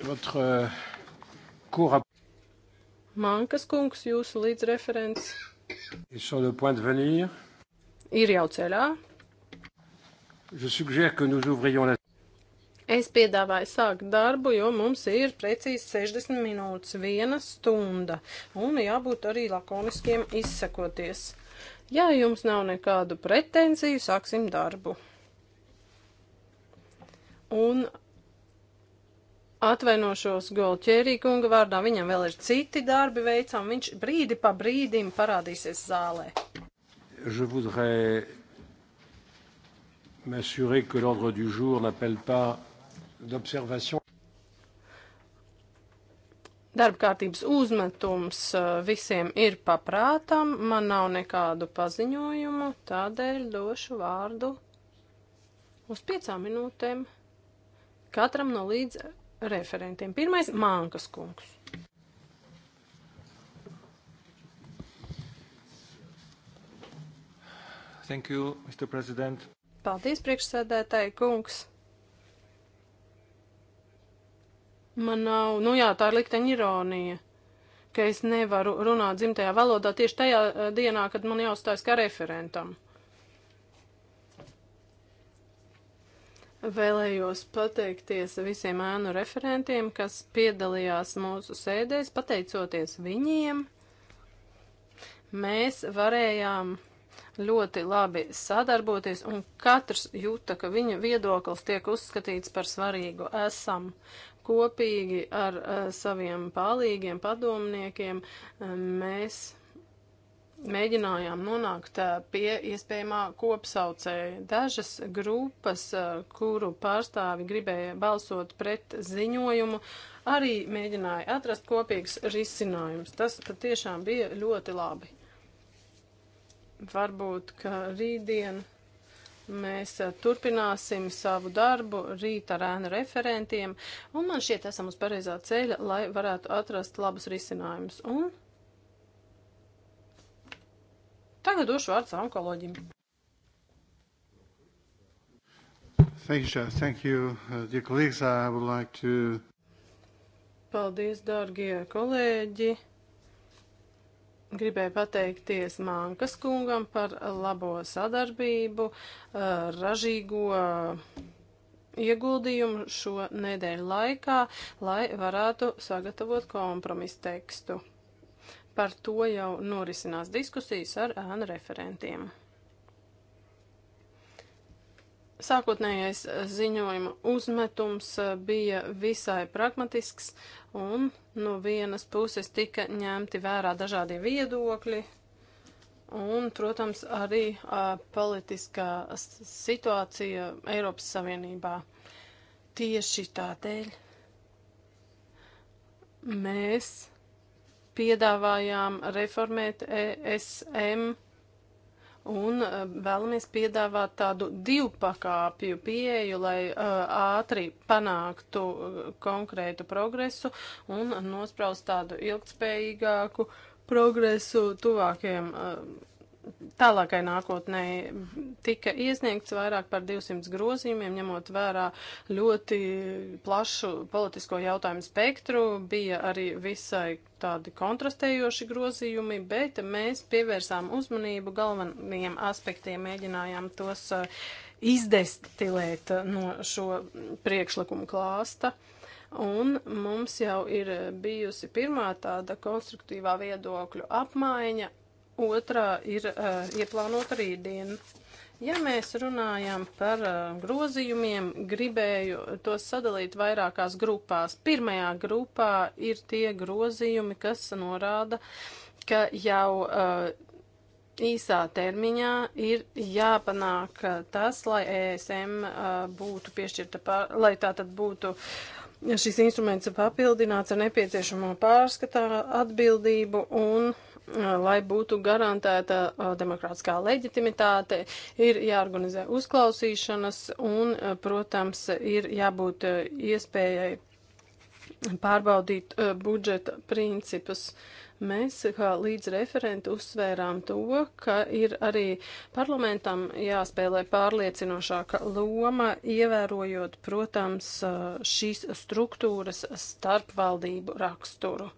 Votre euh, cours Mankas kungs, jūsu līdzreferents. Ir jau ceļā. Es piedāvāju sākt darbu, jo mums ir precīzi 60 minūtes, viena stunda, un jābūt arī lakoniskiem izsakoties. Ja jums nav nekādu pretenziju, sāksim darbu. Un Atvainošos Golķērī kunga vārdā, viņam vēl ir citi darbi veicam, viņš brīdi pa brīdim parādīsies zālē. Je voudrais m'assurer que l'ordre du jour n'appelle pas d'observation. Darba kārtības uzmetums uh, visiem ir paprātam, man nav nekādu paziņojumu, tādēļ došu vārdu uz piecām minūtēm katram no līdz referentiem. Pirmais - Mankas kungs. Thank you, Mr. President. Paldies, priekšsēdētāji kungs. Man nav, nu jā, tā ir likteņa ironija, ka es nevaru runāt dzimtajā valodā tieši tajā eh, dienā, kad man jāuzstājas kā referentam. Vēlējos pateikties visiem ēnu referentiem, kas piedalījās mūsu sēdēs. Pateicoties viņiem, mēs varējām ļoti labi sadarboties, un katrs jūta, ka viņa viedoklis tiek uzskatīts par svarīgu. Esam kopīgi ar uh, saviem palīgiem, padomniekiem, uh, mēs mēģinājām nonākt pie iespējamā kopsaucēja. Dažas grupas, kuru pārstāvi gribēja balsot pret ziņojumu, arī mēģināja atrast kopīgs risinājums. Tas patiešām bija ļoti labi. Varbūt, ka rītdien mēs turpināsim savu darbu rīt ar ēnu referentiem, un man šķiet esam uz pareizā ceļa, lai varētu atrast labus risinājumus. Un Tagad došu vārdu savam kolēģim. Thank you, uh, dear colleagues. I would like to... Paldies, dārgie kolēģi. Gribēju pateikties Mankas kungam par labo sadarbību, uh, ražīgo ieguldījumu šo nedēļu laikā, lai varētu sagatavot kompromisu tekstu. Par to jau norisinās diskusijas ar ēnu referentiem. Sākotnējais eh, ziņojuma uzmetums eh, bija visai pragmatisks, un no vienas puses tika ņemti vērā dažādie viedokļi, un, protams, arī a, eh, politiskā situācija Eiropas Savienībā. Tieši tādēļ mēs piedāvājām reformēt ESM un e, vēlamies piedāvāt tādu divpakāpju pieeju, lai uh, ātri panāktu uh, konkrētu progresu un nospraust tādu ilgtspējīgāku progresu tuvākiem. Uh, tālākai nākotnē tika iesniegts vairāk par 200 grozījumiem, ņemot vērā ļoti plašu politisko jautājumu spektru, bija arī visai tādi kontrastējoši grozījumi, bet mēs pievērsām uzmanību galvenajiem aspektiem, mēģinājām tos uh, izdestilēt uh, no šo priekšlikumu klāsta. Un mums jau ir bijusi pirmā tāda konstruktīvā viedokļu apmaiņa otrā ir uh, ieplānota rītdiena. Ja mēs runājam par uh, grozījumiem, gribēju tos sadalīt vairākās grupās. Pirmajā grupā ir tie grozījumi, kas norāda, ka jau uh, īsā termiņā ir jāpanāk tas, lai ESM būtu piešķirta, pār, lai tā tad būtu šis instruments papildināts ar nepieciešamo pārskatā atbildību un lai būtu garantēta demokrātiskā leģitimitāte, ir jāorganizē uzklausīšanas un, protams, ir jābūt iespējai pārbaudīt budžeta principus. Mēs, kā līdz referenti, uzsvērām to, ka ir arī parlamentam jāspēlē pārliecinošāka loma, ievērojot, protams, šīs struktūras starpvaldību raksturu.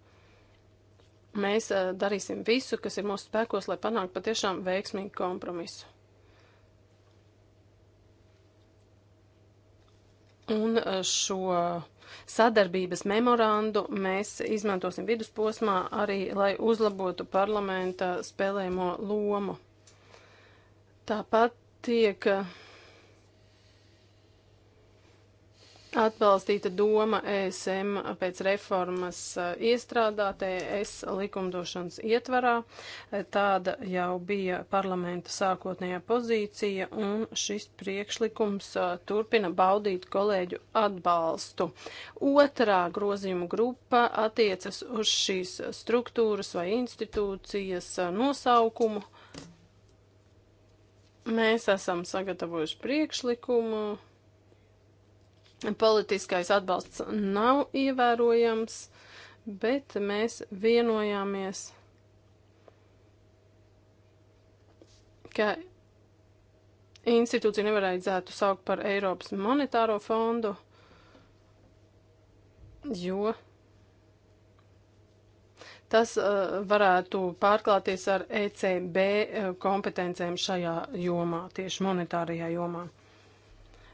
Mēs eh, darīsim visu, kas ir mūsu spēkos, lai panāktu patiešām veiksmīgu kompromisu. Un eh, šo sadarbības memorandu mēs izmantosim vidusposmā arī, lai uzlabotu parlamenta spēlēmo lomu. Tāpat tiek. Uh, atbalstīta doma ESM pēc reformas e, iestrādātē ES likumdošanas ietvarā. E, tāda jau bija parlamenta sākotnējā pozīcija, un šis priekšlikums e, turpina baudīt kolēģu atbalstu. Otrā grozījuma grupa attiecas uz šīs struktūras vai institūcijas nosaukumu. Mēs esam sagatavojuši priekšlikumu Politiskais atbalsts nav ievērojams, bet mēs vienojāmies, ka institūciju nevarētu saukt par Eiropas monetāro fondu, jo tas uh, varētu pārklāties ar ECB uh, kompetencēm šajā jomā, tieši monetārajā jomā.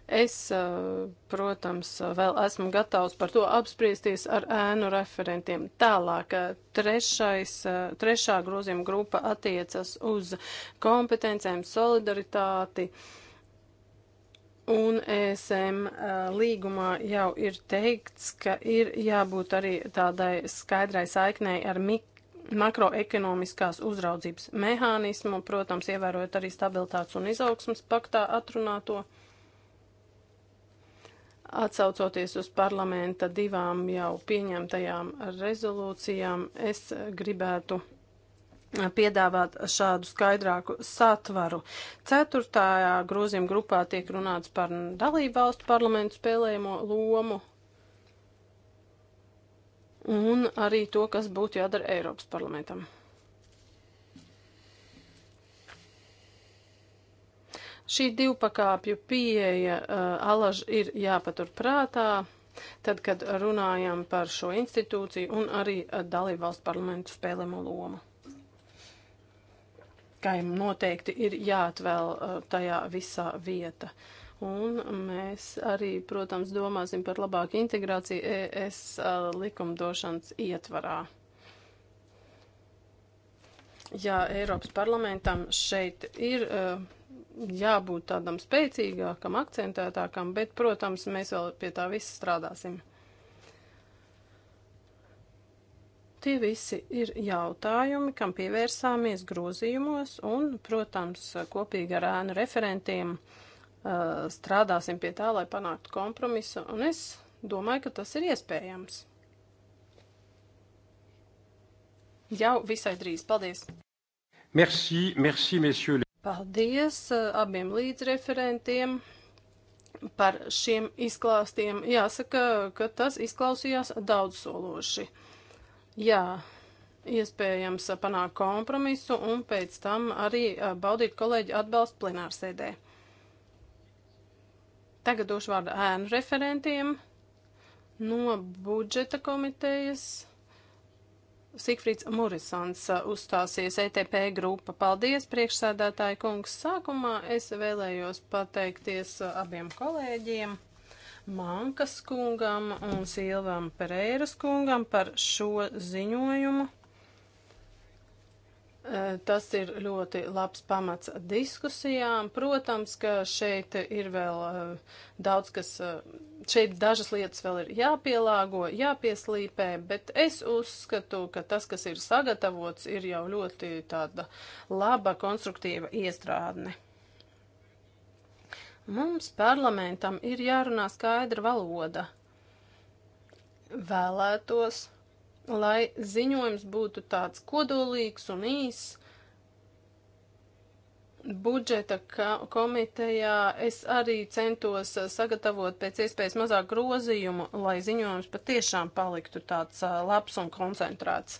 Es, eh, protams, vēl esmu gatavs par to apspriesties ar ēnu referentiem. Tālāk, eh, trešais, eh, trešā grozījuma grupa attiecas uz kompetencēm, solidaritāti. Un ESM līgumā jau ir teikts, ka ir jābūt arī tādai skaidrai saiknei ar mikro makroekonomiskās uzraudzības mehānismu, protams, ievērojot arī stabilitātes un izaugsmas paktā atrunāto. Atsaucoties uz parlamenta divām jau pieņemtajām rezolūcijām, es gribētu piedāvāt šādu skaidrāku satvaru. Ceturtajā grozījuma grupā tiek runāts par dalību valstu parlamentu spēlējumu lomu un arī to, kas būtu jādara Eiropas parlamentam. Šī divpakāpju pieeja uh, alaž ir jāpatur prātā, tad, kad runājam par šo institūciju un arī uh, eh, dalību valstu parlamentu spēlēmo lomu kājām noteikti ir jāatvēl eh, tajā visā vieta. Un mēs arī, protams, domāsim par labāku integrāciju ES likumdošanas ietvarā. Jā, Eiropas parlamentam šeit ir uh, jābūt tādam spēcīgākam, akcentētākam, bet, protams, mēs vēl pie tā viss strādāsim. Tie visi ir jautājumi, kam pievērsāmies grozījumos un, protams, kopīgi ar ēnu referentiem uh, strādāsim pie tā, lai panāktu kompromisu, un es domāju, ka tas ir iespējams. Jau visai drīz. Paldies! Merci, merci, messieurs. Paldies uh, abiem līdzreferentiem par šiem izklāstiem. Jāsaka, ka tas izklausījās daudzsološi. Jā, iespējams uh, panākt kompromisu un pēc tam arī uh, baudīt kolēģi atbalstu plenārsēdē. Tagad došu vārdu ēnu referentiem no budžeta komitejas. Sigfrīds Murisons uh, uzstāsies ETP grupa. Paldies, priekšsēdētāji kungs. Sākumā es vēlējos pateikties uh, abiem kolēģiem. Mankas kungam un Silvam Pereiras kungam par šo ziņojumu. E, tas ir ļoti labs pamats diskusijām. Protams, ka šeit ir vēl e, daudz, kas, e, šeit dažas lietas vēl ir jāpielāgo, jāpieslīpē, bet es uzskatu, ka tas, kas ir sagatavots, ir jau ļoti tāda laba, konstruktīva iestrādne. Mums parlamentam ir jārunā skaidra valoda. Vēlētos lai ziņojums būtu tāds kodolīgs un īs. Budžeta komitejā es arī centos sagatavot pēc iespējas mazāk grozījumu, lai ziņojums patiešām paliktu tāds labs un koncentrēts.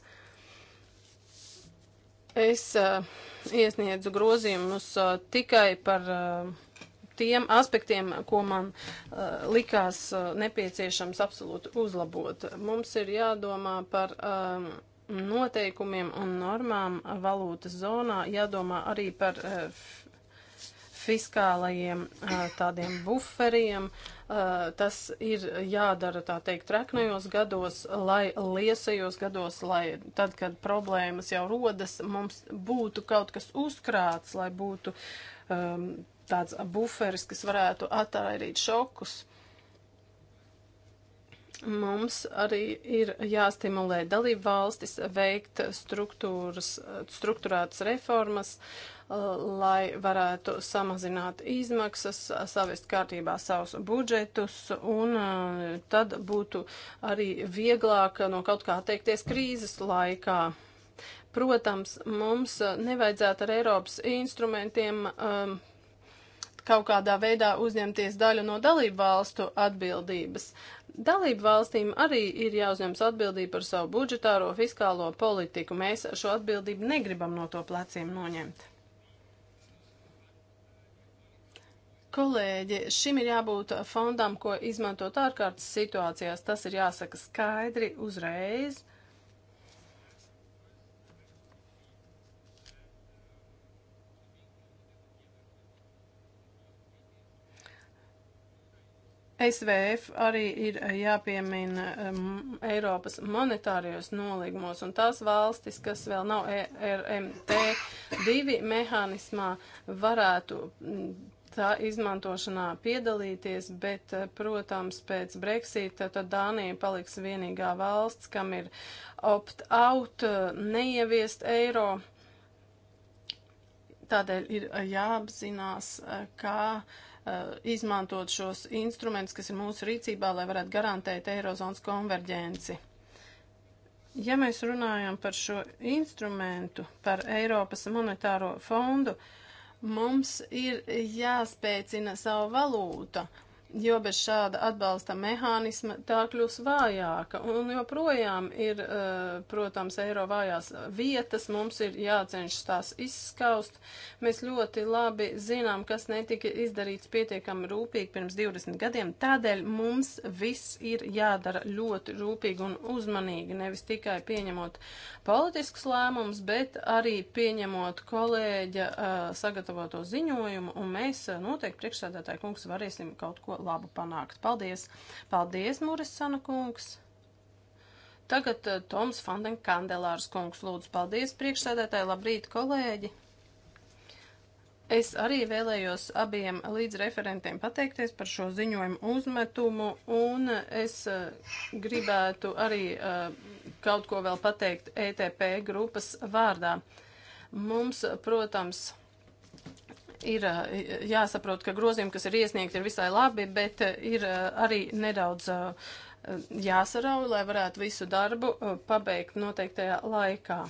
Es iesniedzu grozījumus tikai par tiem aspektiem, ko man uh, likās uh, nepieciešams absolūti uzlabot. Mums ir jādomā par um, noteikumiem un normām valūtas zonā, jādomā arī par uh, fiskālajiem tādiem buferiem. Tas ir jādara, tā teikt, treknajos gados, lai liesajos gados, lai tad, kad problēmas jau rodas, mums būtu kaut kas uzkrāts, lai būtu um, tāds buferis, kas varētu attairīt šokus. Mums arī ir jāstimulē dalību valstis veikt struktūrātas reformas, uh, lai varētu samazināt izmaksas, savest kārtībā savus budžetus, un uh, tad būtu arī vieglāk no kaut kā atteikties krīzes laikā. Protams, mums nevajadzētu ar Eiropas instrumentiem um, kaut kādā veidā uzņemties daļu no dalību valstu atbildības. Dalību valstīm arī ir jāuzņems atbildība par savu budžetāro fiskālo politiku. Mēs šo atbildību negribam no to pleciem noņemt. Kolēģi, šim ir jābūt fondam, ko izmantot ārkārtas situācijās. Tas ir jāsaka skaidri uzreiz. Uh, SVF arī ir eh, jāpiemina um, Eiropas monetārijos nolīgumos, un tās valstis, kas vēl nav ERMT2 mehānismā, varētu tā izmantošanā piedalīties, bet, eh, protams, pēc Brexita tad Dānija paliks vienīgā valsts, kam ir opt-out eh, neieviest eiro. Tādēļ ir eh, jāapzinās, eh, kā eh, izmantot šos instrumentus, kas ir mūsu rīcībā, lai varētu garantēt Eirozonas konverģenci. Ja mēs runājam par šo instrumentu, par Eiropas monetāro fondu, mums ir jāspēcina savu valūtu, jo bez šāda atbalsta mehānisma tā kļūs vājāka. Un joprojām ir, eh, protams, eiro vājās vietas, mums ir jācenšas tās izskaust. Mēs ļoti labi zinām, kas netika izdarīts pietiekami rūpīgi pirms 20 gadiem, tādēļ mums viss ir jādara ļoti rūpīgi un uzmanīgi, nevis tikai pieņemot politiskus lēmumus, bet arī pieņemot kolēģa eh, sagatavoto ziņojumu, un mēs eh, noteikti priekšsēdētāji kungs varēsim kaut ko labu panākt. Paldies! Paldies, Murisana kungs! Tagad uh, Toms Fanden Kandelārs kungs lūdzu. Paldies, priekšsēdētāji! Labrīt, kolēģi! Es arī vēlējos abiem līdzreferentiem pateikties par šo ziņojumu uzmetumu, un es uh, gribētu arī uh, kaut ko vēl pateikt ETP grupas vārdā. Mums, protams, ir ir eh, jāsaprot, ka grozījumi, kas ir iesniegti, ir visai labi, bet eh, ir eh, arī nedaudz jāsarauj, lai varētu visu darbu pabeigt noteiktajā laikā.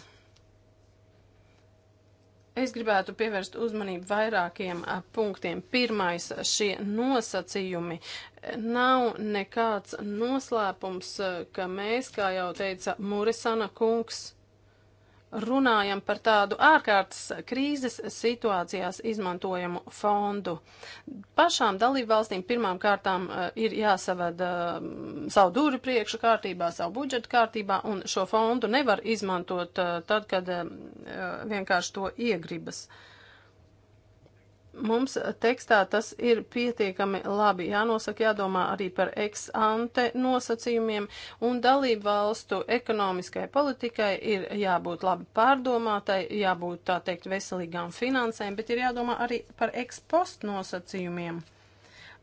Es gribētu pievērst uzmanību vairākiem punktiem. Pirmais - šie nosacījumi. Nav nekāds noslēpums, ka mēs, kā jau teica Murisana kungs, runājam par tādu ārkārtas krīzes situācijās izmantojamu fondu. Pašām dalību valstīm pirmām kārtām e, ir jāsavada e, savu dūri priekšu kārtībā, savu budžetu kārtībā, un šo fondu nevar izmantot e, tad, kad vienkārši to iegribas. Uh, mums tekstā tas ir pietiekami labi. Jānosaka, jādomā arī par ex ante nosacījumiem, un dalību valstu ekonomiskai politikai ir jābūt labi pārdomātai, jābūt, tā teikt, veselīgām finansēm, bet ir jādomā arī par ex post nosacījumiem.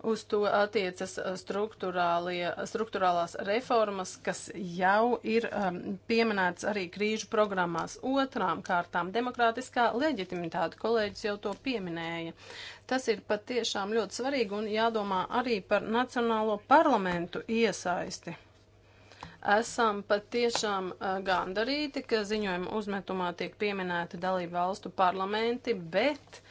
Uz to attiecas eh, eh, struktūrālās reformas, kas jau ir um, pieminēts arī krīžu programmās. Otrām kārtām - demokrātiskā leģitimitāte. Kolēģis jau to pieminēja. Tas ir patiešām ļoti svarīgi un jādomā arī par nacionālo parlamentu iesaisti. Esam patiešām uh, gandarīti, ka ziņojuma uzmetumā tiek pieminēti dalību valstu parlamenti, bet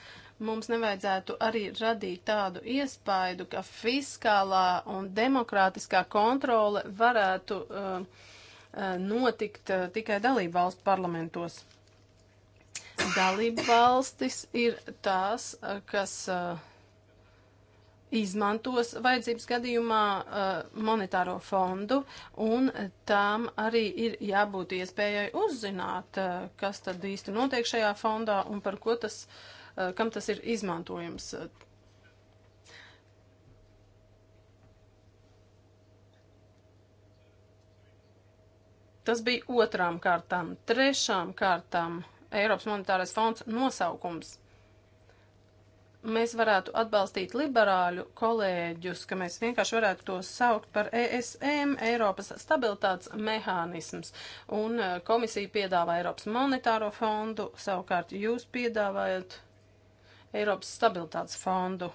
mums nevajadzētu arī radīt tādu iespaidu, ka fiskālā un demokrātiskā kontrole varētu uh, uh notikt uh, tikai dalību valstu parlamentos. Dalību valstis ir tās, uh, kas uh, izmantos vajadzības gadījumā uh, monetāro fondu, un tām arī ir jābūt iespējai uzzināt, kas tad īsti notiek šajā fondā un par ko tas uh, E, kam tas ir izmantojams. E, tas bija otrām kārtām. Trešām kārtām Eiropas monetārais fonds nosaukums. Mēs varētu atbalstīt liberāļu kolēģus, ka mēs vienkārši varētu to saukt par ESM, Eiropas stabilitātes mehānisms. Un e, komisija piedāvā Eiropas monetāro fondu, savukārt jūs piedāvājat Eiropas stabilitātes fondu.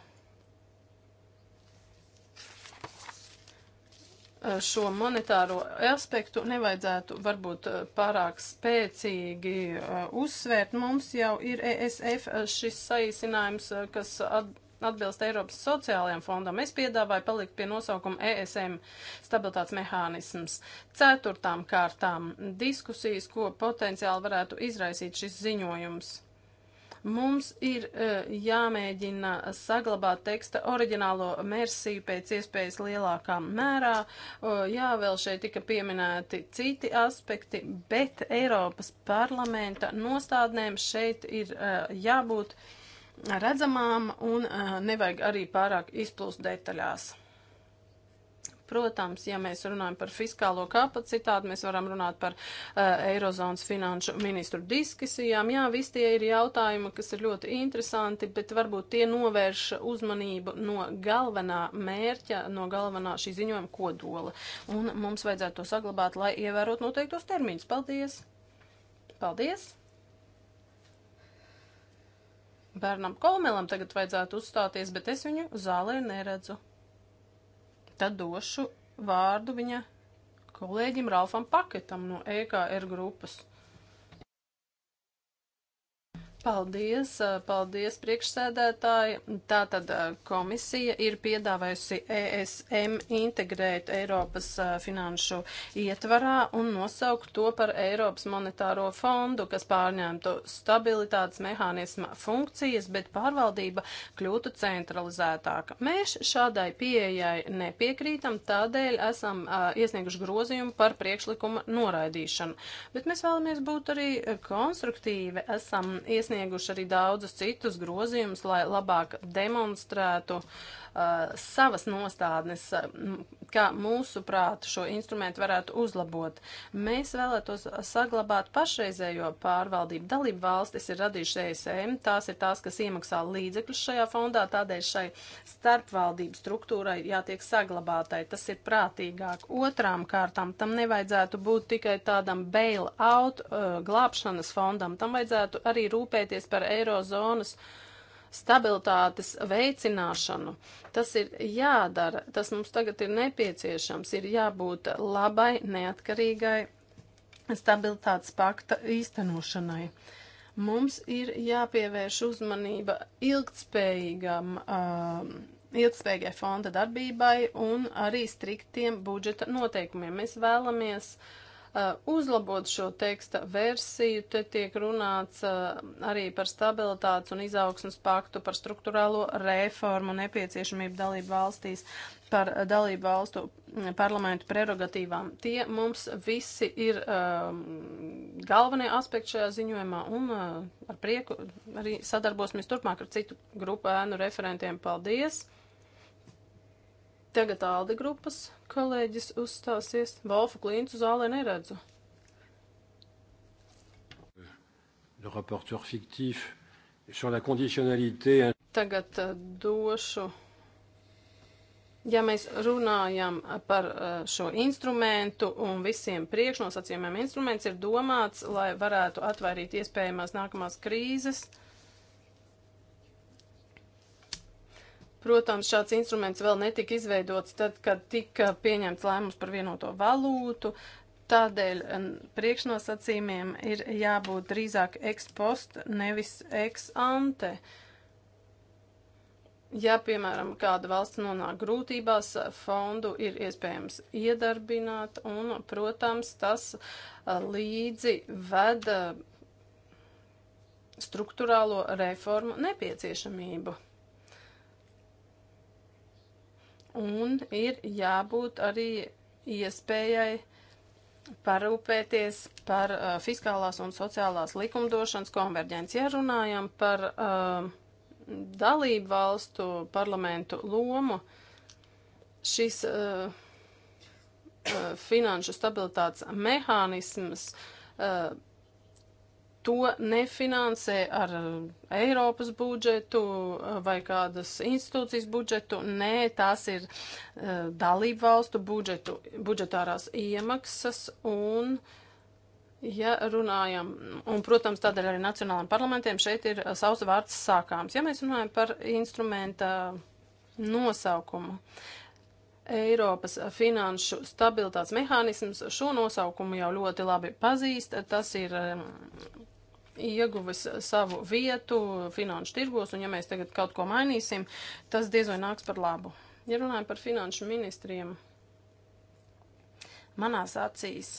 Šo monetāro aspektu nevajadzētu varbūt pārāk spēcīgi uzsvērt. Mums jau ir ESF šis saīsinājums, kas atbilst Eiropas sociālajiem fondam. Es piedāvāju palikt pie nosaukuma ESM stabilitātes mehānisms. Ceturtām kārtām diskusijas, ko potenciāli varētu izraisīt šis ziņojums. Mums ir uh, jāmēģina saglabāt teksta oriģinālo mērsiju pēc iespējas lielākā mērā. Uh, jā, vēl šeit tika pieminēti citi aspekti, bet Eiropas parlamenta nostādnēm šeit ir uh, jābūt redzamām un e, nevajag arī pārāk izplūst detaļās. Protams, ja mēs runājam par fiskālo kapacitāti, mēs varam runāt par uh, Eirozonas finanšu ministru diskusijām. Jā, visi tie ir jautājumi, kas ir ļoti interesanti, bet varbūt tie novērš uzmanību no galvenā mērķa, no galvenā šī ziņojuma kodola. Un mums vajadzētu to saglabāt, lai ievērot noteiktos termiņus. Paldies! Paldies! Bērnam Kolmelam tagad vajadzētu uzstāties, bet es viņu zālē neredzu tad došu vārdu viņa kolēģim Ralfam Paketam no EKR grupas. Paldies, paldies priekšsēdētāji. Tātad eh, komisija ir piedāvājusi ESM integrēt Eiropas eh, finanšu ietvarā un nosaukt to par Eiropas monetāro fondu, kas pārņemtu stabilitātes mehānisma funkcijas, bet pārvaldība kļūtu centralizētāka. Mēs šādai pieejai nepiekrītam, tādēļ esam uh, iesnieguši grozījumu par priekšlikuma noraidīšanu. Bet mēs vēlamies būt arī konstruktīvi. Esam iesnieguši iesnieguši arī daudzus citus grozījumus, lai labāk demonstrētu uh, Uh, savas nostādnes, uh, kā mūsu prāt šo instrumentu varētu uzlabot. Mēs vēlētos saglabāt pašreizējo pārvaldību. Dalību valstis ir radījušas ESM, tās ir tās, kas iemaksā līdzekļus šajā fondā, tādēļ šai starpvaldību struktūrai jātiek saglabātai. Tas ir prātīgāk. Otrām kārtām tam nevajadzētu būt tikai tādam bail-out uh, glābšanas fondam, tam vajadzētu arī rūpēties par eirozonas uh, stabilitātes veicināšanu. Tas ir jādara, tas mums tagad ir nepieciešams, ir jābūt labai, neatkarīgai stabilitātes pakta īstenošanai. Mums ir jāpievērš uzmanība ilgtspējīgam, uh, ilgtspējīgai fonda darbībai un arī striktiem budžeta noteikumiem. Mēs vēlamies uh, Eh, uzlabot šo teksta versiju. Te tiek runāts eh, arī par stabilitātes un izaugsmas paktu, par struktūrālo reformu nepieciešamību dalību valstīs, par eh, dalību valstu mm, parlamentu prerogatīvām. Tie mums visi ir um, galvenie aspekti šajā ziņojumā un uh, ar prieku arī sadarbosimies turpmāk ar citu grupu ēnu referentiem. Paldies! Tagad Alde grupas kolēģis uzstāsies. Volfu Klīncu zālē neredzu. Le rapporteur fiktif sur la conditionalité. Tagad eh, došu. Ja mēs runājam eh, par eh, šo instrumentu un visiem priekšnosacījumiem, instruments ir domāts, lai varētu atvairīt iespējamās nākamās krīzes. Uh, Protams, šāds instruments vēl netika izveidots tad, kad tika pieņemts lēmums par vienoto valūtu. Tādēļ priekšnosacījumiem ir jābūt drīzāk ex post, nevis ex ante. Ja, piemēram, kāda valsts nonāk grūtībās, fondu ir iespējams iedarbināt, un, protams, tas līdzi ved struktūrālo reformu nepieciešamību un ir jābūt arī iespējai parūpēties par uh, fiskālās un sociālās likumdošanas konverģenci. Ja runājam par uh, dalību valstu parlamentu lomu, šis uh, uh, finanšu stabilitātes mehānisms uh, to nefinansē ar eh, Eiropas budžetu eh, vai kādas institūcijas budžetu. Nē, tās ir uh, dalību valstu budžetu, budžetārās iemaksas un. Ja runājam, un, protams, tādēļ arī nacionālajiem parlamentiem šeit ir savs vārds sākāms. Ja mēs runājam par instrumenta nosaukumu, Eiropas finanšu stabilitātes mehānisms šo nosaukumu jau ļoti labi pazīst. Tas ir ieguvis eh, savu vietu finanšu tirgos, un ja mēs tagad kaut ko mainīsim, tas diez vai nāks par labu. Ja runājam par finanšu ministriem, manās acīs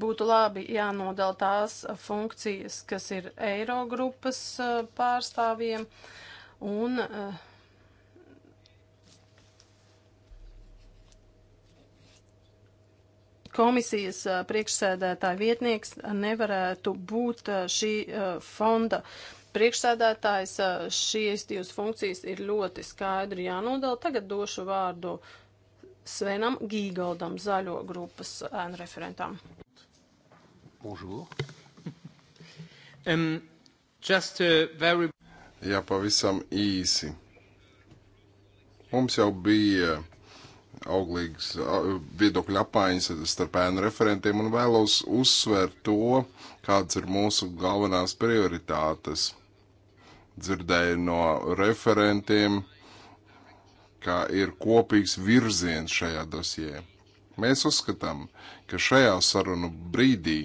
būtu labi jānodala tās funkcijas, kas ir Eirogrupas eh, pārstāvjiem, un uh, komisijas priekšsēdētāja vietnieks nevarētu būt šī fonda priekšsēdētājs. Šīs divas funkcijas ir ļoti skaidri jānodala. Tagad došu vārdu Svenam Gīgaldam, zaļo grupas ēnu referentam. Bonjour. um, just a very... Jā, pavisam īsi. Mums jau bija auglīgas viedokļa apmaiņas starp ēnu referentiem un vēlos uzsvērt to, kādas ir mūsu galvenās prioritātes. Dzirdēju no referentiem, ka ir kopīgs virziens šajā dosijā. Mēs uzskatām, ka šajā sarunu brīdī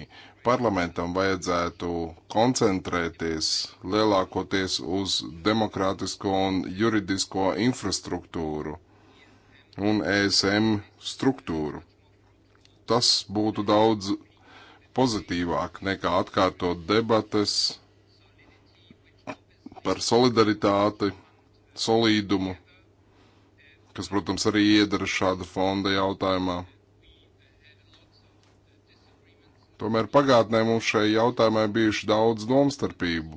parlamentam vajadzētu koncentrēties lielākoties uz demokrātisko un juridisko infrastruktūru un ESM struktūru. Tas būtu daudz pozitīvāk nekā atkārtot debates par solidaritāti, solīdumu, kas, protams, arī iedara šāda fonda jautājumā. Tomēr pagātnē mums šai jautājumā bijuši daudz domstarpību.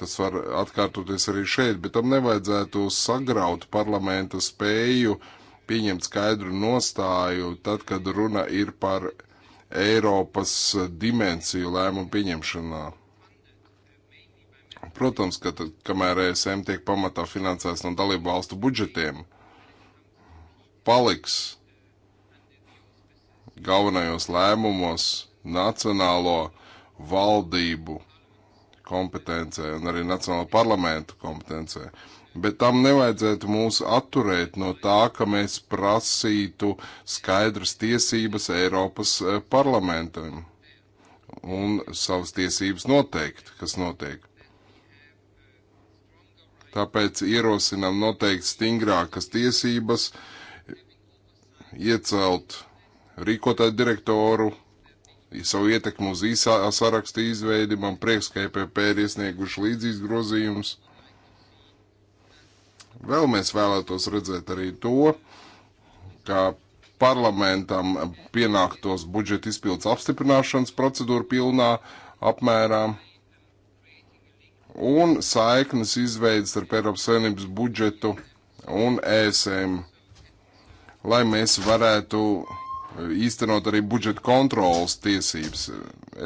Tas var atkārtoties arī šeit, bet tam nevajadzētu sagraut parlamenta spēju uh, pieņemt skaidru nostāju tad, kad runa ir par Eiropas dimensiju lēmumu pieņemšanā. Protams, ka tad, kamēr ESM tiek pamatā finansēts no dalību valstu budžetiem, paliks galvenajos lēmumos nacionālo valdību kompetencē un arī nacionālo parlamentu kompetencē bet tam nevajadzētu mūs atturēt no tā, ka mēs prasītu skaidras tiesības Eiropas eh, parlamentam un savas tiesības noteikt, kas notiek. Tāpēc ierosinām noteikti stingrākas tiesības, iecelt rīkotāju direktoru, savu ietekmu uz īsā sarakstu izveidi. Man prieks, ka EPP ir iesnieguši līdzīgs grozījums. Vēl mēs vēlētos redzēt arī to, ka parlamentam pienāktos budžeta izpildes apstiprināšanas procedūra pilnā apmērā un saiknes izveidas ar Eiropas Savienības budžetu un ESM, lai mēs varētu īstenot arī budžeta kontrolas tiesības.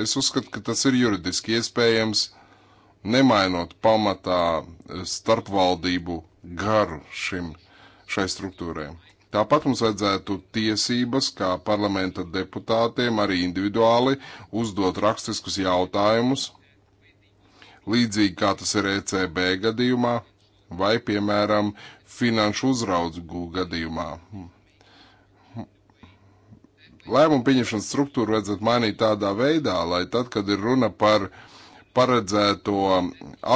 Es uzskatu, ka tas ir juridiski iespējams nemainot pamatā eh, starpvaldību garu šim, šai struktūrai. Tāpat mums vajadzētu tiesības, kā parlamenta deputātiem, arī individuāli uzdot rakstiskus jautājumus, līdzīgi kā tas ir ECB gadījumā vai, piemēram, finanšu uzraugu gadījumā. Lēmumu pieņemšanas struktūru vajadzētu mainīt tādā veidā, lai tad, kad ir runa par uh, paredzēto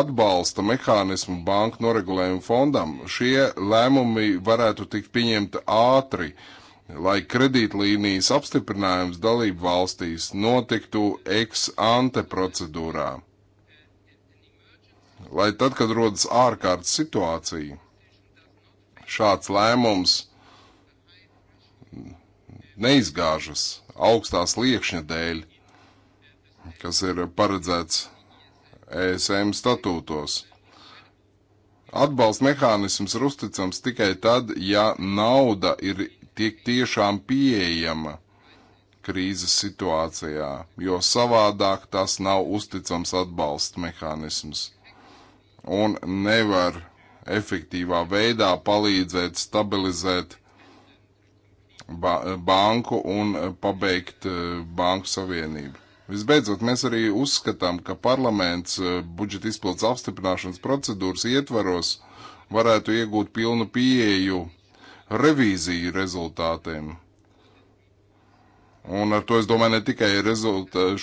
atbalsta mehānismu banku noregulējumu fondam, šie lēmumi varētu tikt pieņemti ātri, lai kredītlīnijas apstiprinājums dalību valstīs notiktu ex ante procedūrā. Lai tad, kad rodas ārkārtas situācija, šāds lēmums neizgāžas augstās liekšņa dēļ, kas ir paredzēts ESM statūtos. Atbalsta mehānisms ir uzticams tikai tad, ja nauda ir tik tiešām pieejama krīzes situācijā, jo savādāk tas nav uzticams atbalsta mehānisms un nevar efektīvā veidā palīdzēt stabilizēt ba banku un pabeigt e, banku savienību. Visbeidzot, mēs arī uzskatām, ka parlaments eh, budžeta izpildes apstiprināšanas procedūras ietvaros varētu iegūt pilnu pieeju revīziju rezultātiem. Un ar to es domāju ne tikai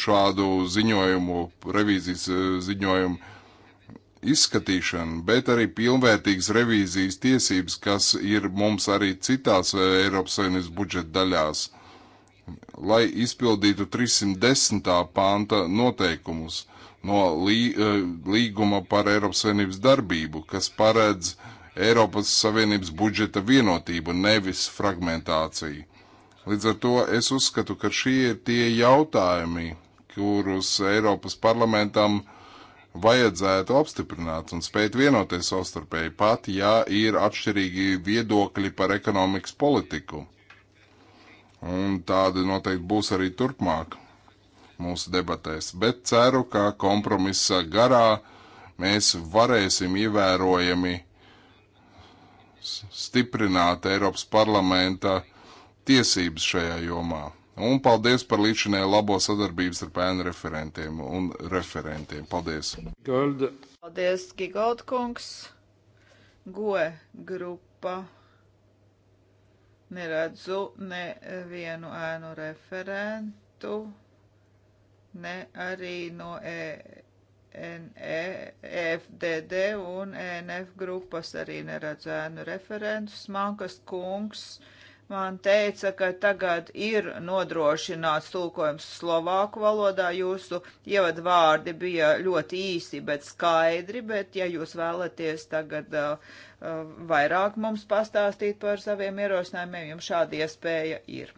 šādu ziņojumu, revīzijas eh, ziņojumu izskatīšanu, bet arī pilnvērtīgas revīzijas tiesības, kas ir mums arī citās eh, Eiropas Savienības budžeta daļās. Uh, lai izpildītu 310. panta noteikumus no e, līguma par Eiropas Savienības darbību, kas paredz Eiropas Savienības budžeta vienotību, nevis fragmentāciju. Līdz ar to es uzskatu, ka šie ir tie jautājumi, kurus Eiropas parlamentam vajadzētu apstiprināt un spēt vienoties savstarpēji, pat ja ir atšķirīgi viedokļi par ekonomikas politiku un tādi noteikti būs arī turpmāk mūsu debatēs. Bet ceru, ka kompromisa garā mēs varēsim ievērojami stiprināt Eiropas parlamenta tiesības šajā jomā. Un paldies par līdzinēju labo sadarbības ar PN referentiem un referentiem. Paldies! Gold. Paldies, Gigold kungs! Goe grupa neredzu nevienu ēnu referentu, ne arī no EFDD e, e un ENF grupas arī neredzu ēnu referentus. Mankas kungs. Uh, man teica, ka tagad ir nodrošināts tulkojums slovāku valodā. Jūsu ievadvārdi bija ļoti īsi, bet skaidri, bet ja jūs vēlaties tagad uh, uh vairāk mums pastāstīt par saviem ierosinājumiem, jums šāda iespēja ir.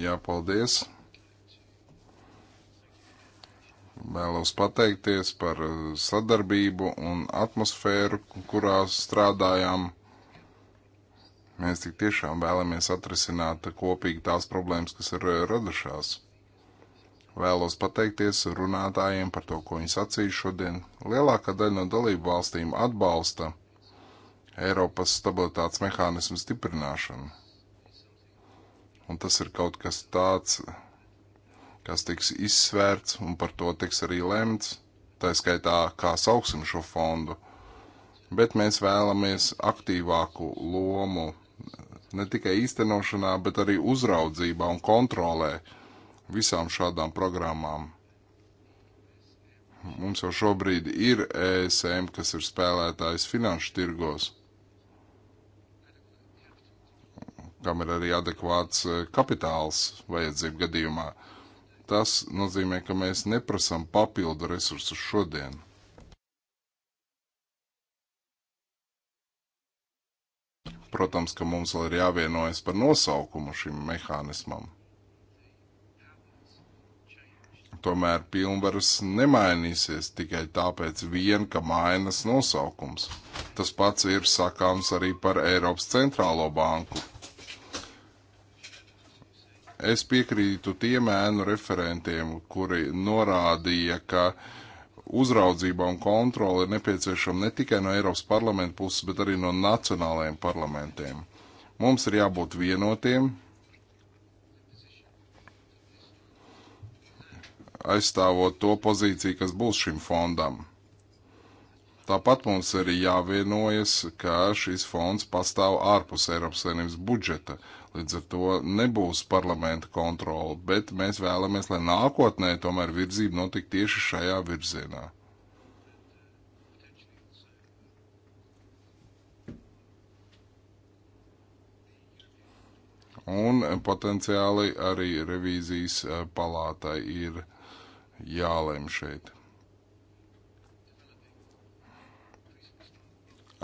Jā, paldies. Vēlos pateikties par eh, sadarbību un atmosfēru, kurā strādājām. Mēs tik tiešām vēlamies atrisināt kopīgi tās problēmas, kas ir eh, radušās. Vēlos pateikties runātājiem par to, ko viņi sacīja šodien. Lielākā daļa no dalību valstīm atbalsta Eiropas stabilitātes mehānismu stiprināšanu. Un tas ir kaut kas tāds, kas tiks izsvērts un par to tiks arī lemts, tā skaitā, kā sauksim šo fondu. Bet mēs vēlamies aktīvāku lomu ne tikai īstenošanā, bet arī uzraudzībā un kontrolē visām šādām programmām. Mums jau šobrīd ir ESM, kas ir spēlētājs finanšu tirgos. kam ir arī adekvāts eh, kapitāls vajadzību gadījumā. Tas nozīmē, ka mēs neprasām papildu resursus šodien. Protams, ka mums vēl ir jāvienojas par nosaukumu šim mehānismam. Tomēr pilnvaras nemainīsies tikai tāpēc, vien, ka mainas nosaukums. Tas pats ir sakāms arī par Eiropas centrālo banku Es piekrītu tiem ēnu referentiem, kuri norādīja, ka uzraudzība un kontrole ir nepieciešama ne tikai no Eiropas parlamenta puses, bet arī no nacionālajiem parlamentiem. Mums ir jābūt vienotiem, aizstāvot to pozīciju, kas būs šim fondam. Tāpat mums ir jāvienojas, ka šis fonds pastāv ārpus Eiropas Savienības budžeta. Uh, Līdz ar to nebūs parlamenta kontrola, bet mēs vēlamies, lai nākotnē tomēr virzība notiek tieši šajā virzienā. Un potenciāli arī revīzijas eh, palātai ir jālem šeit.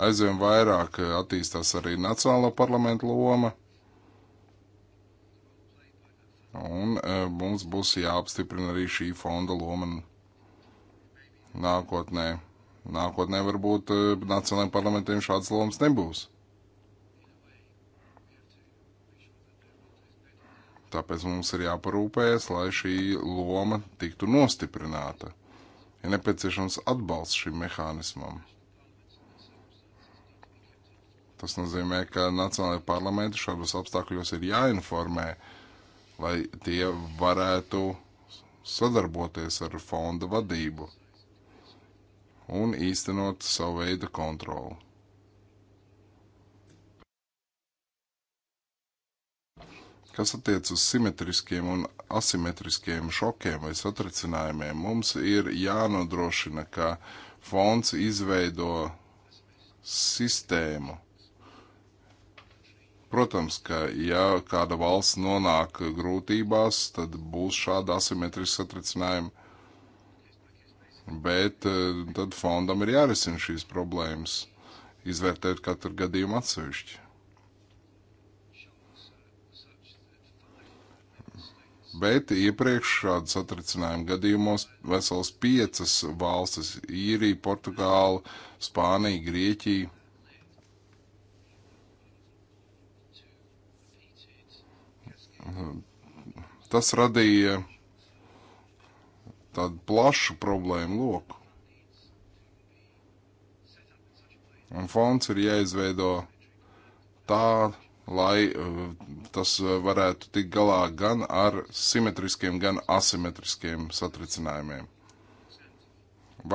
Aizvien vairāk eh, attīstās arī nacionāla parlamenta loma. Un e, mums būs jāapstiprina arī šī fonda loma nākotnē. Nākotnē varbūt e, nacionālajiem parlamentiem šāds lomas nebūs. Tāpēc mums ir jāparūpējas, lai šī loma tiktu nostiprināta. Ir nepieciešams atbalsts šim mehānismam. Tas nozīmē, ka nacionālajie parlamenti šādos apstākļos ir jāinformē uh, lai tie varētu sadarboties ar fonda vadību un īstenot savu veidu kontroli. Kas attiec uz simetriskiem un asimetriskiem šokiem vai satricinājumiem, mums ir jānodrošina, ka fonds izveido sistēmu, Protams, ka ja kāda valsts nonāk grūtībās, tad būs šāda asimetriska satricinājuma. Bet eh, tad fondam ir jārisina šīs problēmas, izvērtēt katru gadījumu atsevišķi. Bet iepriekš šādu satricinājumu gadījumos vesels piecas valstis - Īrija, Portugāla, Spānija, Grieķija Tas radīja tādu plašu problēmu loku. Un fonds ir jāizveido tā, lai eh, tas eh, varētu tikt galā gan ar simetriskiem, gan asimetriskiem satricinājumiem.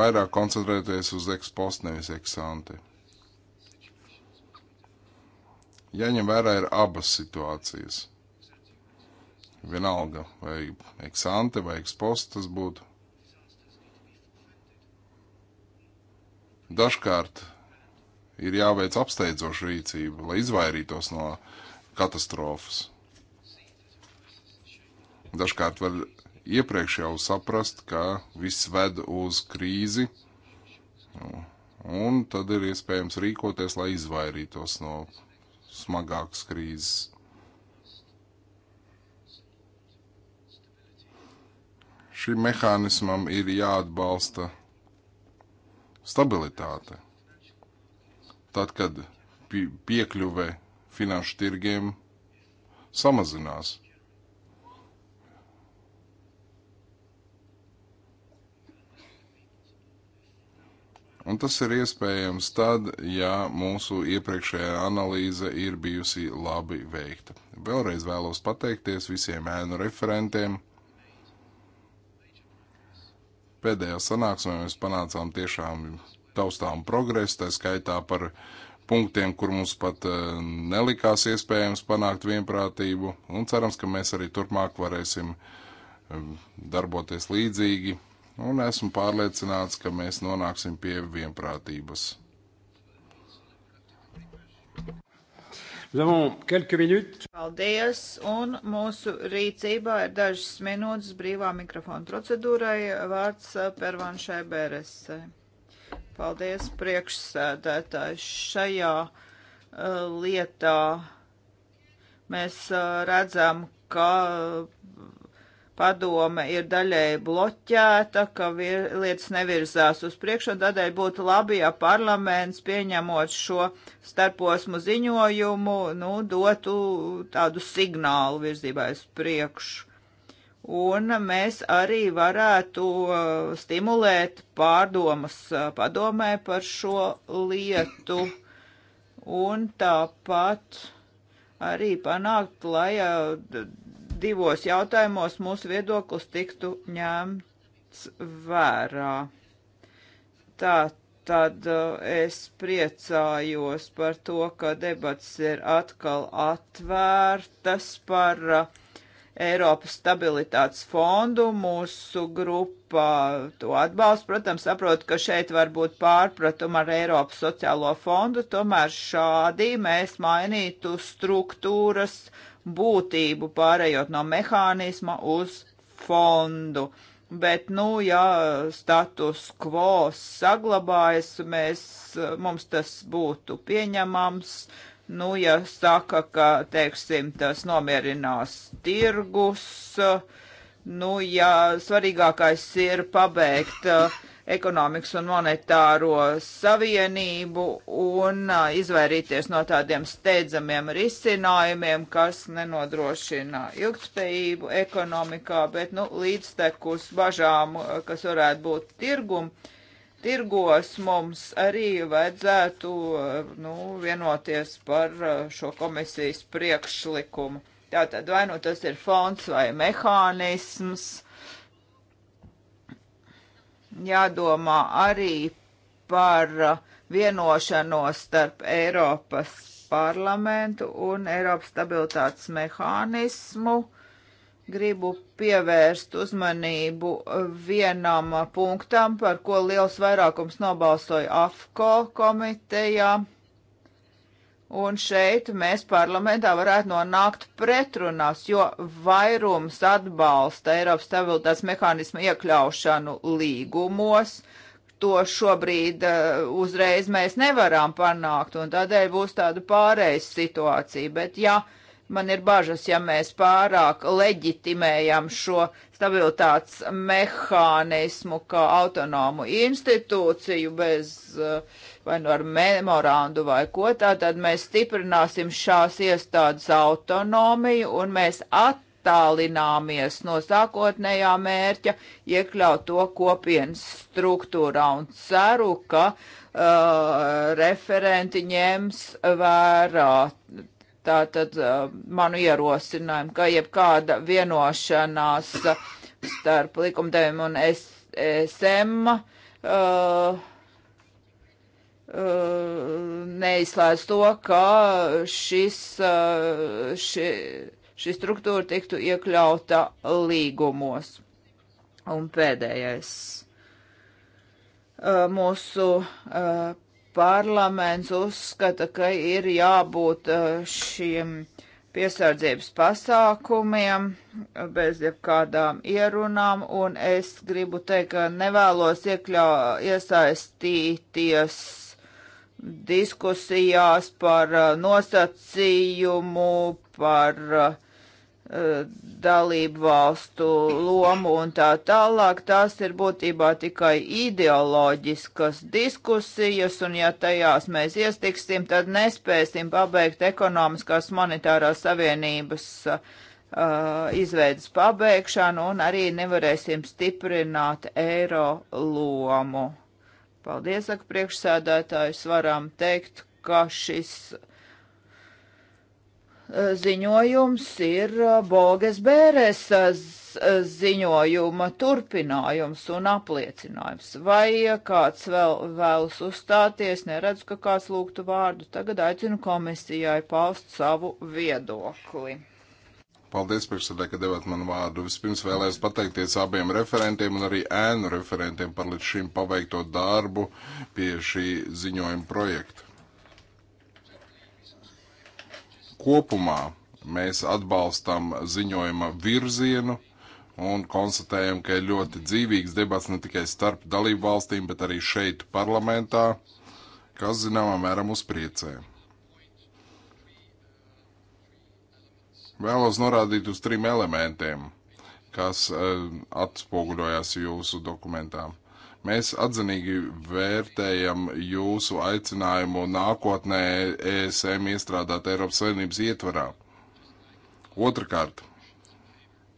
Vairāk koncentrēties uz ekspostu, nevis eksanti. Jaņem vērā ir abas situācijas. Vienalga, vai eksante, vai ekspost tas būtu. Dažkārt ir jāveic apsteidzoša rīcība, lai izvairītos no katastrofas. Dažkārt var iepriekš jau saprast, ka viss ved uz krīzi, un tad ir iespējams rīkoties, lai izvairītos no smagākas krīzes. Šim mehānismam ir jāatbalsta stabilitāte. Tad, kad piekļuve finanšu tirgiem samazinās. Un tas ir iespējams tad, ja mūsu iepriekšējā analīze ir bijusi labi veikta. Vēlreiz vēlos pateikties visiem ēnu referentiem pēdējā sanāksmē mēs panācām tiešām taustām progresu, tā skaitā par punktiem, kur mums pat e, nelikās iespējams panākt vienprātību, un cerams, ka mēs arī turpmāk varēsim e, darboties līdzīgi, un esmu pārliecināts, ka mēs nonāksim pie vienprātības. Paldies, un mūsu rīcībā ir dažas minūtes brīvā mikrofona procedūrai. Vārds eh, pervanšai Beresai. Paldies, priekšsēdētāji. Šajā uh, lietā mēs uh, redzam, ka uh, padome ir daļai bloķēta, ka lietas nevirzās uz priekšu, un tādēļ būtu labi, ja parlaments pieņemot šo starposmu ziņojumu, nu, dotu tādu signālu virzībā uz priekšu. Un mēs arī varētu uh, stimulēt pārdomas uh, padomē par šo lietu, un tāpat arī panākt, lai uh, divos jautājumos mūsu viedoklis tiktu ņemts vērā. Tā tad eh, es priecājos par to, ka debats ir atkal atvērtas par eh, Eiropas stabilitātes fondu. Mūsu grupa to atbalsta. Protams, saprotu, ka šeit var būt pārpratuma ar Eiropas sociālo fondu, tomēr šādi mēs mainītu struktūras, uh, būtību, pārējot no mehānisma uz fondu. Bet, nu, ja status quo saglabājas, mēs, mums tas būtu pieņemams. Nu, ja saka, ka, teiksim, tas nomierinās tirgus, nu, ja svarīgākais ir pabeigt uh, ekonomikas un monetāro savienību un izvairīties no tādiem steidzamiem risinājumiem, kas nenodrošina ilgspējību ekonomikā, bet nu, līdztekus bažām, kas varētu būt tirgum, tirgos mums arī vajadzētu nu, vienoties par šo komisijas priekšlikumu. Tātad vai nu tas ir fonds vai mehānisms, jādomā arī par vienošanos starp Eiropas parlamentu un Eiropas stabilitātes mehānismu. Gribu pievērst uzmanību vienam punktam, par ko liels vairākums nobalsoja AFCO komitejā. Un šeit mēs parlamentā varētu nonākt pretrunās, jo vairums atbalsta Eiropas stabilitātes mehānismu iekļaušanu līgumos. To šobrīd uh, uzreiz mēs nevaram panākt, un tādēļ būs tāda pārējais situācija. Bet, ja man ir bažas, ja mēs pārāk leģitimējam šo stabilitātes mehānismu kā autonomu institūciju bez. Uh, vai nu ar memorandu vai ko, tātad mēs stiprināsim šās iestādes autonomiju un mēs attālināmies no sākotnējā mērķa iekļaut to kopienas struktūrā un ceru, ka uh, referenti ņems vērā tātad uh, manu ierosinājumu, ka jebkāda vienošanās starp likumdevim un SM uh, neizslēdz to, ka šis, eh, ši, šī struktūra tiktu iekļauta līgumos. Un pēdējais. Eh, mūsu eh, parlaments uzskata, ka ir jābūt šiem piesardzības pasākumiem, bez jebkādām ierunām, un es gribu teikt, ka nevēlos iekļau, iesaistīties diskusijās par uh, nosacījumu, par uh, dalību valstu lomu un tā tālāk. Tās ir būtībā tikai ideoloģiskas diskusijas, un ja tajās mēs iestiksim, tad nespēsim pabeigt ekonomiskās monetārās savienības uh, izveidas pabeigšanu un arī nevarēsim stiprināt eiro lomu. Paldies, saka priekšsēdētājs, varam teikt, ka šis eh, ziņojums ir eh, Bogas Bērēs eh, ziņojuma turpinājums un apliecinājums. Vai kāds vēl vēlas uzstāties, neredzu, ka kāds lūgtu vārdu. Tagad aicinu komisijai paust savu viedokli. Paldies, priekšsēdē, ka devāt man vārdu. Vispirms vēlēs pateikties abiem referentiem un arī ēnu referentiem par līdz šim paveikto darbu pie šī ziņojuma projekta. Kopumā mēs atbalstam ziņojuma virzienu un konstatējam, ka ir ļoti dzīvīgs debats ne tikai starp dalību valstīm, bet arī šeit parlamentā, kas zināmā mērā mūs priecē. Vēlos norādīt uz trim elementiem, kas e, atspoguļojās jūsu dokumentā. Mēs atzinīgi vērtējam jūsu aicinājumu nākotnē ESM iestrādāt Eiropas Savienības ietvarā. Otrakārt,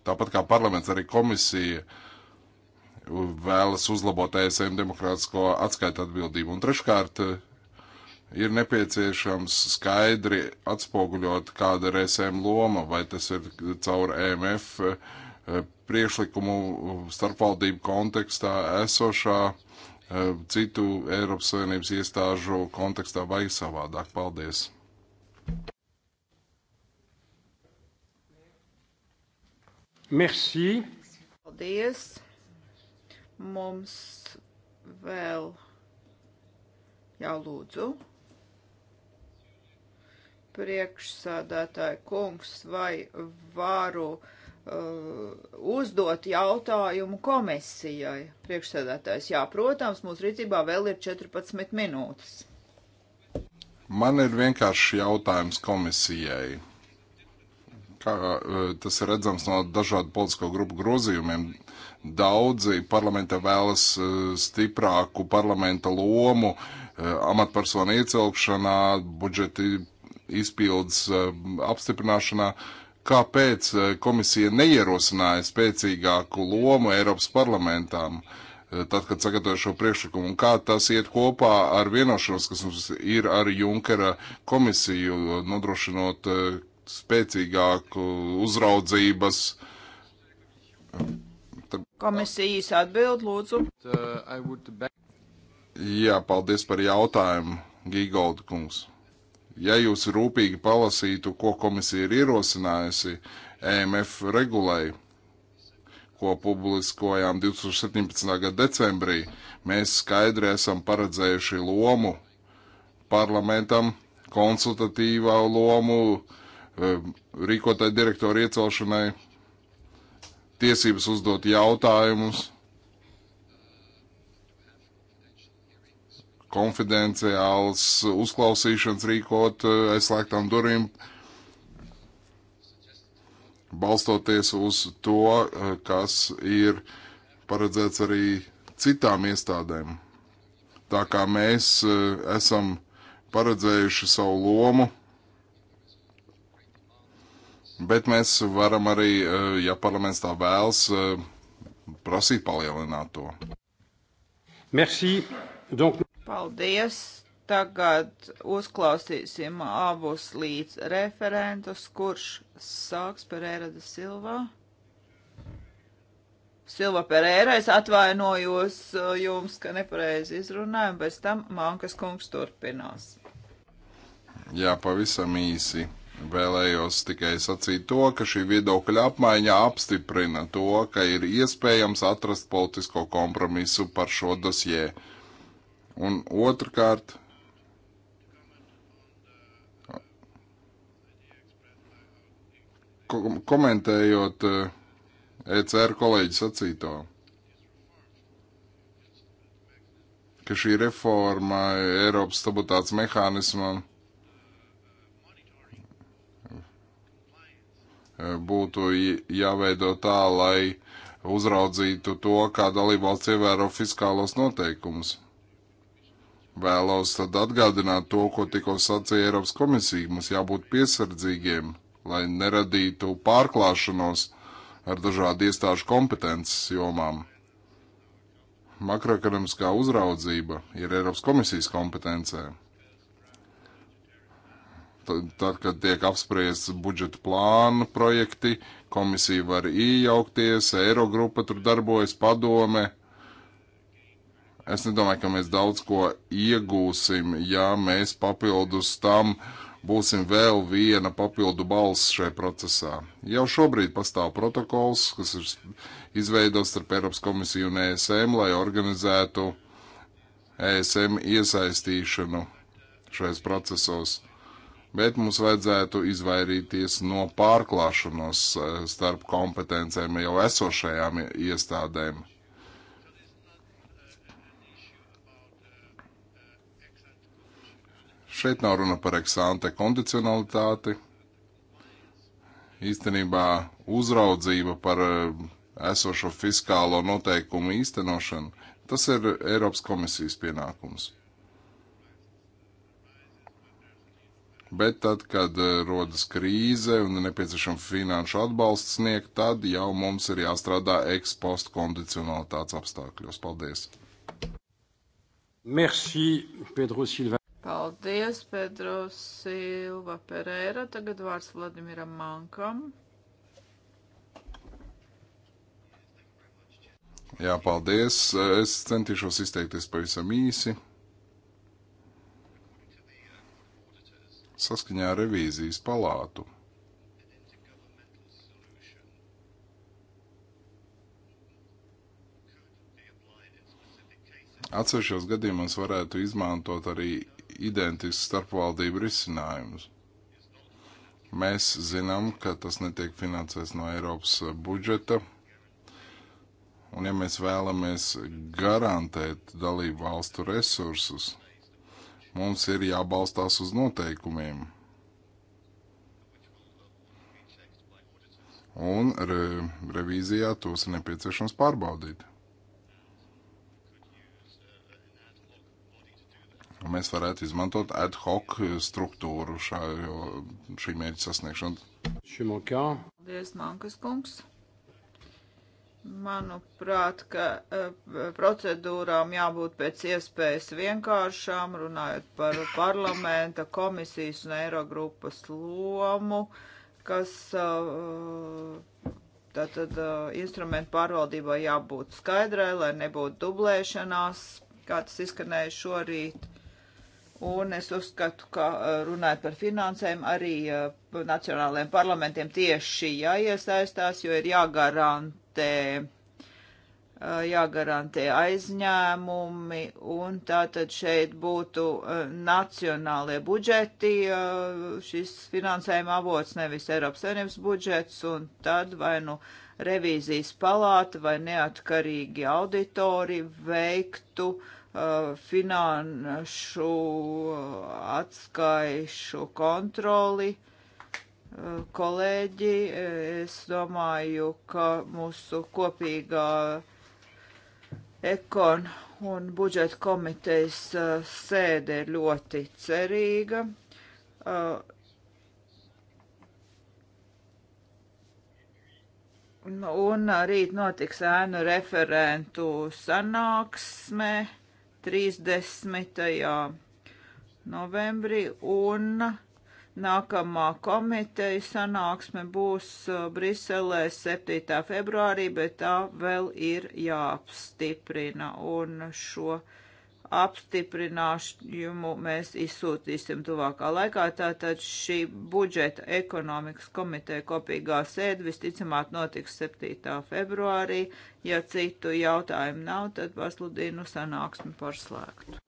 tāpat kā parlaments, arī komisija vēlas uzlabot ESM demokrātisko atskaita atbildību. Un treškārt, ir nepieciešams skaidri atspoguļot, kāda ir SM loma, vai tas ir caur EMF eh, priekšlikumu starpvaldību kontekstā esošā eh, citu Eiropas Savienības iestāžu kontekstā vai savādāk. Paldies! Merci. Paldies. Mums vēl jālūdzu priekšsādātāji kungs, vai varu uh, uzdot jautājumu komisijai? Priekšsādātājs, jā, protams, mūsu rīcībā vēl ir 14 minūtes. Man ir vienkārši jautājums komisijai. Kā uh, tas ir redzams no dažādu politisko grupu grozījumiem, daudzi parlamenta vēlas uh, stiprāku parlamenta lomu uh, amatpersonu iecelkšanā, budžeti izpildes um, apstiprināšanā. Kāpēc uh, komisija neierosināja spēcīgāku lomu Eiropas parlamentām, uh, tad, kad sagatavoja šo priekšlikumu, un kā tas iet kopā ar vienošanos, kas mums ir ar Junkera komisiju, nodrošinot uh, spēcīgāku uzraudzības. Um, Komisijas atbild, lūdzu. Jā, paldies par jautājumu, Gīgolda kungs ja jūs rūpīgi palasītu, ko komisija ir ierosinājusi EMF regulai, ko publiskojām 2017. gada decembrī, mēs skaidri esam paredzējuši lomu parlamentam, konsultatīvā lomu, e, rīkotāju direktoru iecelšanai, tiesības uzdot jautājumus konfidenciāls uzklausīšanas rīkot eh, aizslēgtām durvīm, balstoties uz to, eh, kas ir paredzēts arī citām iestādēm. Tā kā mēs eh, esam paredzējuši savu lomu, bet mēs varam arī, ja parlaments tā vēlas, prasīt palielināt to. Merci. Donc... Paldies! Tagad uzklausīsim abus līdz referentus, kurš sāks par Ērada Silvā. Silva Pereira, es atvainojos uh, jums, ka nepareizi izrunāju, bet tam Mankas kungs turpinās. Jā, pavisam īsi. Vēlējos tikai sacīt to, ka šī viedokļa apmaiņa apstiprina to, ka ir iespējams atrast politisko kompromisu par šo dosjē. Un otrkārt, komentējot ECR eh, e kolēģi sacīto, ka šī reforma Eiropas stabilitātes mehānismam eh, būtu jāveido tā, lai uzraudzītu to, kā dalībvalsts ievēro fiskālos noteikumus. Vēlos tad atgādināt to, ko tikko sacīja Eiropas komisija. Mums jābūt piesardzīgiem, lai neradītu pārklāšanos ar dažādu iestāžu kompetences jomām. Makroekonomiskā uzraudzība ir Eiropas komisijas kompetencē. Tad, kad tiek apspriests budžeta plānu projekti, komisija var iejaukties, Eirogrupa tur darbojas, padome, Es nedomāju, ka mēs daudz ko iegūsim, ja mēs papildus tam būsim vēl viena papildu balss šajā procesā. Jau šobrīd pastāv protokols, kas ir izveidots starp Eiropas komisiju un ESM, lai organizētu ESM iesaistīšanu šajos procesos, bet mums vajadzētu izvairīties no pārklāšanos eh, starp kompetencēm jau esošajām iestādēm. Šeit nav runa par eksante kondicionalitāti. Īstenībā uzraudzība par e, esošo fiskālo noteikumu īstenošanu, tas ir Eiropas komisijas pienākums. Bet tad, kad e, rodas krīze un nepieciešama finanšu atbalsts sniegt, tad jau mums ir jāstrādā ekspost kondicionalitātes apstākļos. Paldies! Merci, Pedro Silva. Paldies, Pedro Silva Pereira. Tagad vārds Vladimiram Mankam. Jā, paldies. Es centīšos izteikties pavisam īsi. Saskaņā ar revīzijas palātu. Atsevišķos gadījumos varētu izmantot arī identisks starpvaldību risinājums. Mēs zinām, ka tas netiek finansēts no Eiropas budžeta, un ja mēs vēlamies garantēt dalību valstu resursus, mums ir jābalstās uz noteikumiem. Un re, revīzijā tos ir nepieciešams pārbaudīt. mēs varētu izmantot ad hoc struktūru šā, šī mērķa sasniegšanu. Šimokā. Paldies, Mankas kungs. Manuprāt, ka eh, procedūrām jābūt pēc iespējas vienkāršām, runājot par parlamenta, komisijas un Eirogrupas lomu, kas eh, tātad eh, instrumentu pārvaldībā jābūt skaidrai, lai nebūtu dublēšanās, kā tas izskanēja šorīt. Un es uzskatu, ka e, runājot par finansēm, arī e, nacionālajiem parlamentiem tieši jāiesaistās, jo ir jāgarantē e, jāgarantē aizņēmumi, un tātad šeit būtu nacionālie budžeti, šis finansējuma avots nevis Eiropas Savienības budžets, un tad vai nu revīzijas palāta vai neatkarīgi auditori veiktu uh, finanšu atskaišu kontroli. Kolēģi, es domāju, ka mūsu kopīgā ekon un budžeta komitejas uh, sēde ir ļoti cerīga. Uh, un rīt notiks ēnu referentu sanāksme. 30. novembrī un nākamā komiteja sanāksme būs uh, Briselē 7. februārī, bet tā vēl ir jāapstiprina un šo apstiprinājumu mēs izsūtīsim tuvākā laikā. Tātad šī budžeta ekonomikas komiteja kopīgā sēde visticamāk notiks 7. februārī. Ja citu jautājumu nav, tad pasludinu sanāksmi par slēgtu.